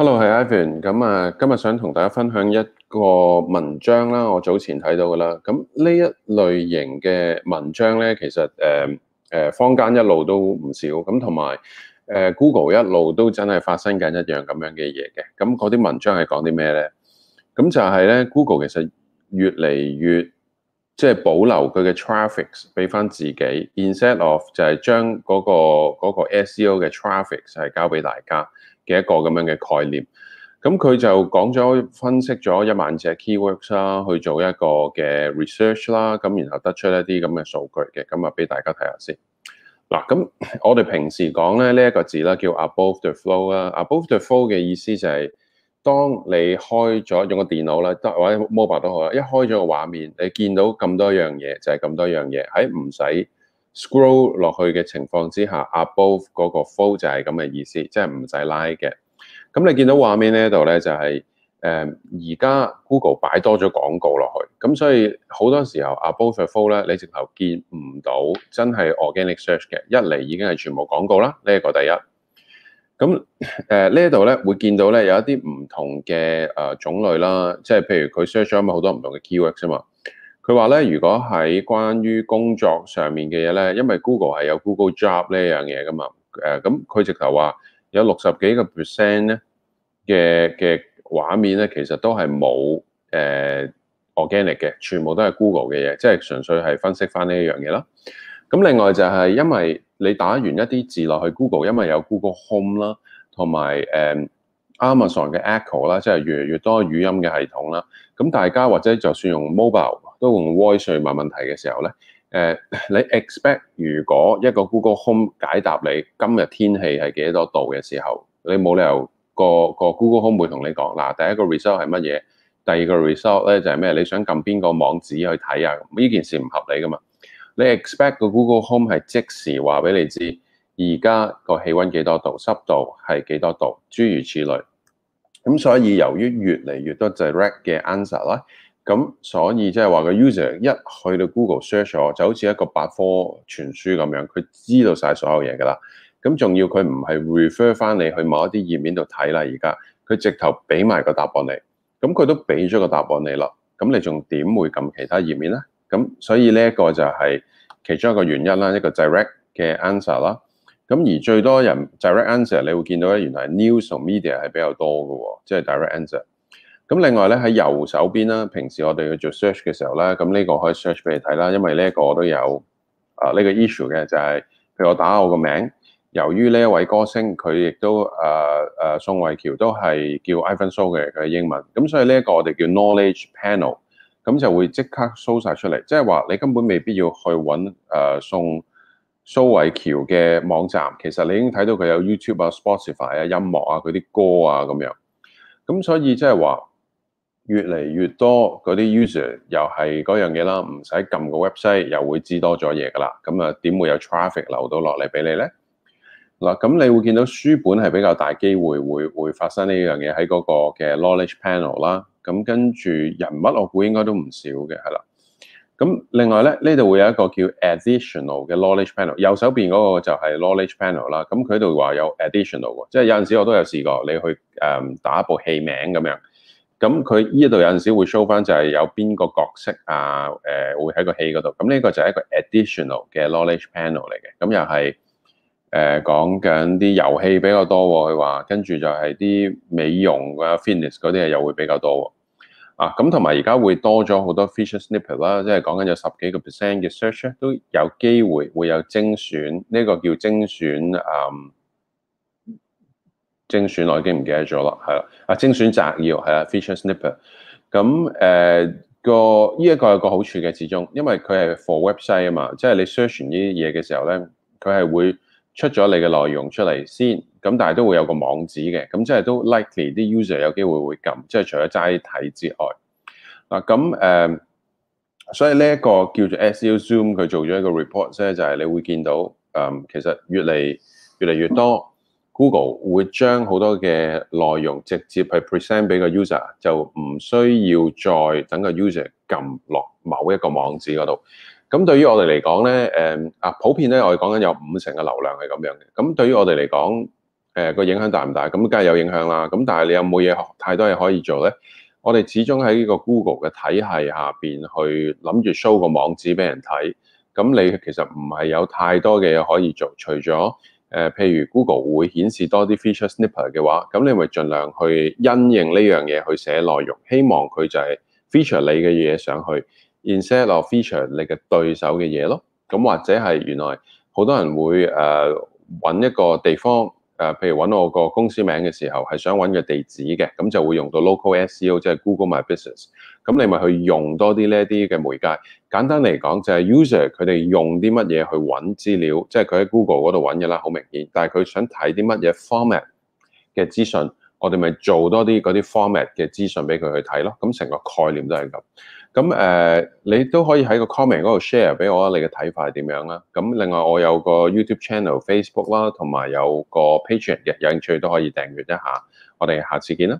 Hello，係 Evan 咁啊，今日想同大家分享一個文章啦。我早前睇到噶啦。咁呢一類型嘅文章咧，其實誒誒，坊間一路都唔少。咁同埋誒，Google 一路都真係發生緊一樣咁樣嘅嘢嘅。咁嗰啲文章係講啲咩咧？咁就係咧，Google 其實越嚟越即係保留佢嘅 traffics 俾翻自己。Instead of 就係將嗰個、嗰個 SEO 嘅 traffics 係交俾大家。嘅一個咁樣嘅概念，咁佢就講咗分析咗一萬隻 keywords 啦，去做一個嘅 research 啦，咁然後得出一啲咁嘅數據嘅，咁啊俾大家睇下先。嗱，咁我哋平時講咧呢一個字啦，叫 above the flow 啦，above the flow 嘅意思就係，當你開咗用個電腦啦，或者 mobile 都好啦，一開咗個畫面，你見到咁多樣嘢就係咁多樣嘢，喺唔使，Scroll 落去嘅情況之下，above 嗰個 fold 就係咁嘅意思，即係唔使拉嘅。咁你見到畫面呢度咧，就係、是、誒而、呃、家 Google 擺多咗廣告落去，咁所以好多時候 above 嘅 fold 咧，你直頭見唔到真係 organic search 嘅。一嚟已經係全部廣告啦，呢、這、一個第一。咁誒、呃、呢一度咧會見到咧有一啲唔同嘅誒、呃、種類啦，即係譬如佢 search 咗好多唔同嘅 keywords 啊嘛。佢話咧，如果喺關於工作上面嘅嘢咧，因為 Google 係有 Google Job 呢樣嘢噶嘛，誒咁佢直頭話有六十幾個 percent 咧嘅嘅畫面咧，其實都係冇誒 organic 嘅，全部都係 Google 嘅嘢，即係純粹係分析翻呢一樣嘢啦。咁另外就係因為你打完一啲字落去 Google，因為有 Google Home 啦，同埋誒。Amazon 嘅 Echo 啦，即係越嚟越多語音嘅系統啦。咁大家或者就算用 mobile 都用 voice 去問問題嘅時候咧，誒、呃，你 expect 如果一個 Google Home 解答你今日天氣係幾多度嘅時候，你冇理由、個個 Google Home 會同你講嗱，第一個 result 係乜嘢，第二個 result 咧就係咩？你想撳邊個網址去睇啊？呢件事唔合理㗎嘛。你 expect 個 Google Home 係即時話俾你知？而家個氣温幾多度？濕度係幾多度？諸如此類。咁所以由於越嚟越多 direct 嘅 answer 啦，咁所以即係話個 user 一去到 Google search 就好似一個百科全書咁樣，佢知道晒所有嘢噶啦。咁仲要佢唔係 refer 翻你去某一啲頁面度睇啦，而家佢直頭俾埋個答案你。咁佢都俾咗個答案你啦，咁你仲點會撳其他頁面咧？咁所以呢一個就係其中一個原因啦，一個 direct 嘅 answer 啦。咁而最多人 direct answer，你會見到咧，原來 news 同 media 係比較多嘅，即係 direct answer。咁另外咧，喺右手邊啦，平時我哋去做 search 嘅時候咧，咁呢個可以 search 俾你睇啦。因為呢一個我都有啊，呢個 issue 嘅就係，譬如我打我個名，由於呢一位歌星佢亦都誒誒宋慧喬都係叫 iPhone Show 嘅，佢係英文，咁所以呢一個我哋叫 knowledge panel，咁就會即刻 show 晒出嚟，即係話你根本未必要去揾誒宋蘇偉橋嘅網站，其實你已經睇到佢有 YouTube 啊、Spotify 啊、音樂啊嗰啲歌啊咁樣，咁所以即係話越嚟越多嗰啲 user 又係嗰樣嘢啦，唔使撳個 website 又會知多咗嘢噶啦，咁啊點會有 traffic 流到落嚟俾你咧？嗱，咁你會見到書本係比較大機會會會發生呢樣嘢喺嗰個嘅 knowledge panel 啦，咁跟住人物我估應該都唔少嘅，係啦。咁另外咧，呢度會有一個叫 additional 嘅 knowledge panel，右手邊嗰個就係 knowledge panel 啦。咁佢度話有 additional，即係有陣時我都有試過，你去誒打一部戲名咁樣，咁佢呢度有陣時會 show 翻就係有邊個角色啊，誒、呃、會喺個戲嗰度。咁呢個就係一個 additional 嘅 knowledge panel 嚟嘅。咁又係誒講緊啲遊戲比較多，佢話跟住就係啲美容啊 fitness 嗰啲嘢又會比較多。啊，咁同埋而家會多咗好多 feature snippet 啦，即係講緊有十幾個 percent 嘅 search、咧、都有機會會有精選，呢個叫精選，嗯，精選我已經唔記得咗啦，係啦，啊精選摘要係啊 feature snippet，咁誒、呃個呢一個有個好處嘅，始終因為佢係 for website 啊嘛，即係你 search 呢啲嘢嘅時候咧，佢係會出咗你嘅內容出嚟先。咁但係都會有個網址嘅，咁即係都 likely 啲 user 有機會會撳，即係除咗齋睇之外，嗱咁誒，所以呢一個叫做 SEO Zoom 佢做咗一個 report 咧，就係你會見到，嗯，其實越嚟越嚟越多 Google 會將好多嘅內容直接去 present 俾個 user，就唔需要再等個 user 撳落某一個網址嗰度。咁對於我哋嚟講咧，誒、嗯、啊普遍咧我哋講緊有五成嘅流量係咁樣嘅，咁對於我哋嚟講，誒個影響大唔大？咁梗係有影響啦。咁但係你有冇嘢太多嘢可以做咧？我哋始終喺呢個 Google 嘅體系下邊去諗住 show 個網址俾人睇。咁你其實唔係有太多嘅嘢可以做，除咗誒、呃、譬如 Google 會顯示多啲 feature snippet 嘅話，咁你咪盡量去因應呢樣嘢去寫內容，希望佢就係 fe feature 你嘅嘢上去，insert 落 feature 你嘅對手嘅嘢咯。咁或者係原來好多人會誒揾、呃、一個地方。誒，譬如揾我個公司名嘅時候，係想揾個地址嘅，咁就會用到 Local SEO，即係 Google My Business。咁你咪去用多啲呢一啲嘅媒介。簡單嚟講，就係 user 佢哋用啲乜嘢去揾資料，即係佢喺 Google 嗰度揾嘅啦，好明顯。但係佢想睇啲乜嘢 format 嘅資訊，我哋咪做多啲嗰啲 format 嘅資訊俾佢去睇咯。咁成個概念都係咁。咁誒，你都可以喺個 comment 嗰度 share 俾我啦，你嘅睇法係點樣啦？咁另外我有個 YouTube channel、Facebook 啦，同埋有個 Patreon 嘅，有興趣都可以訂閱一下。我哋下次見啦！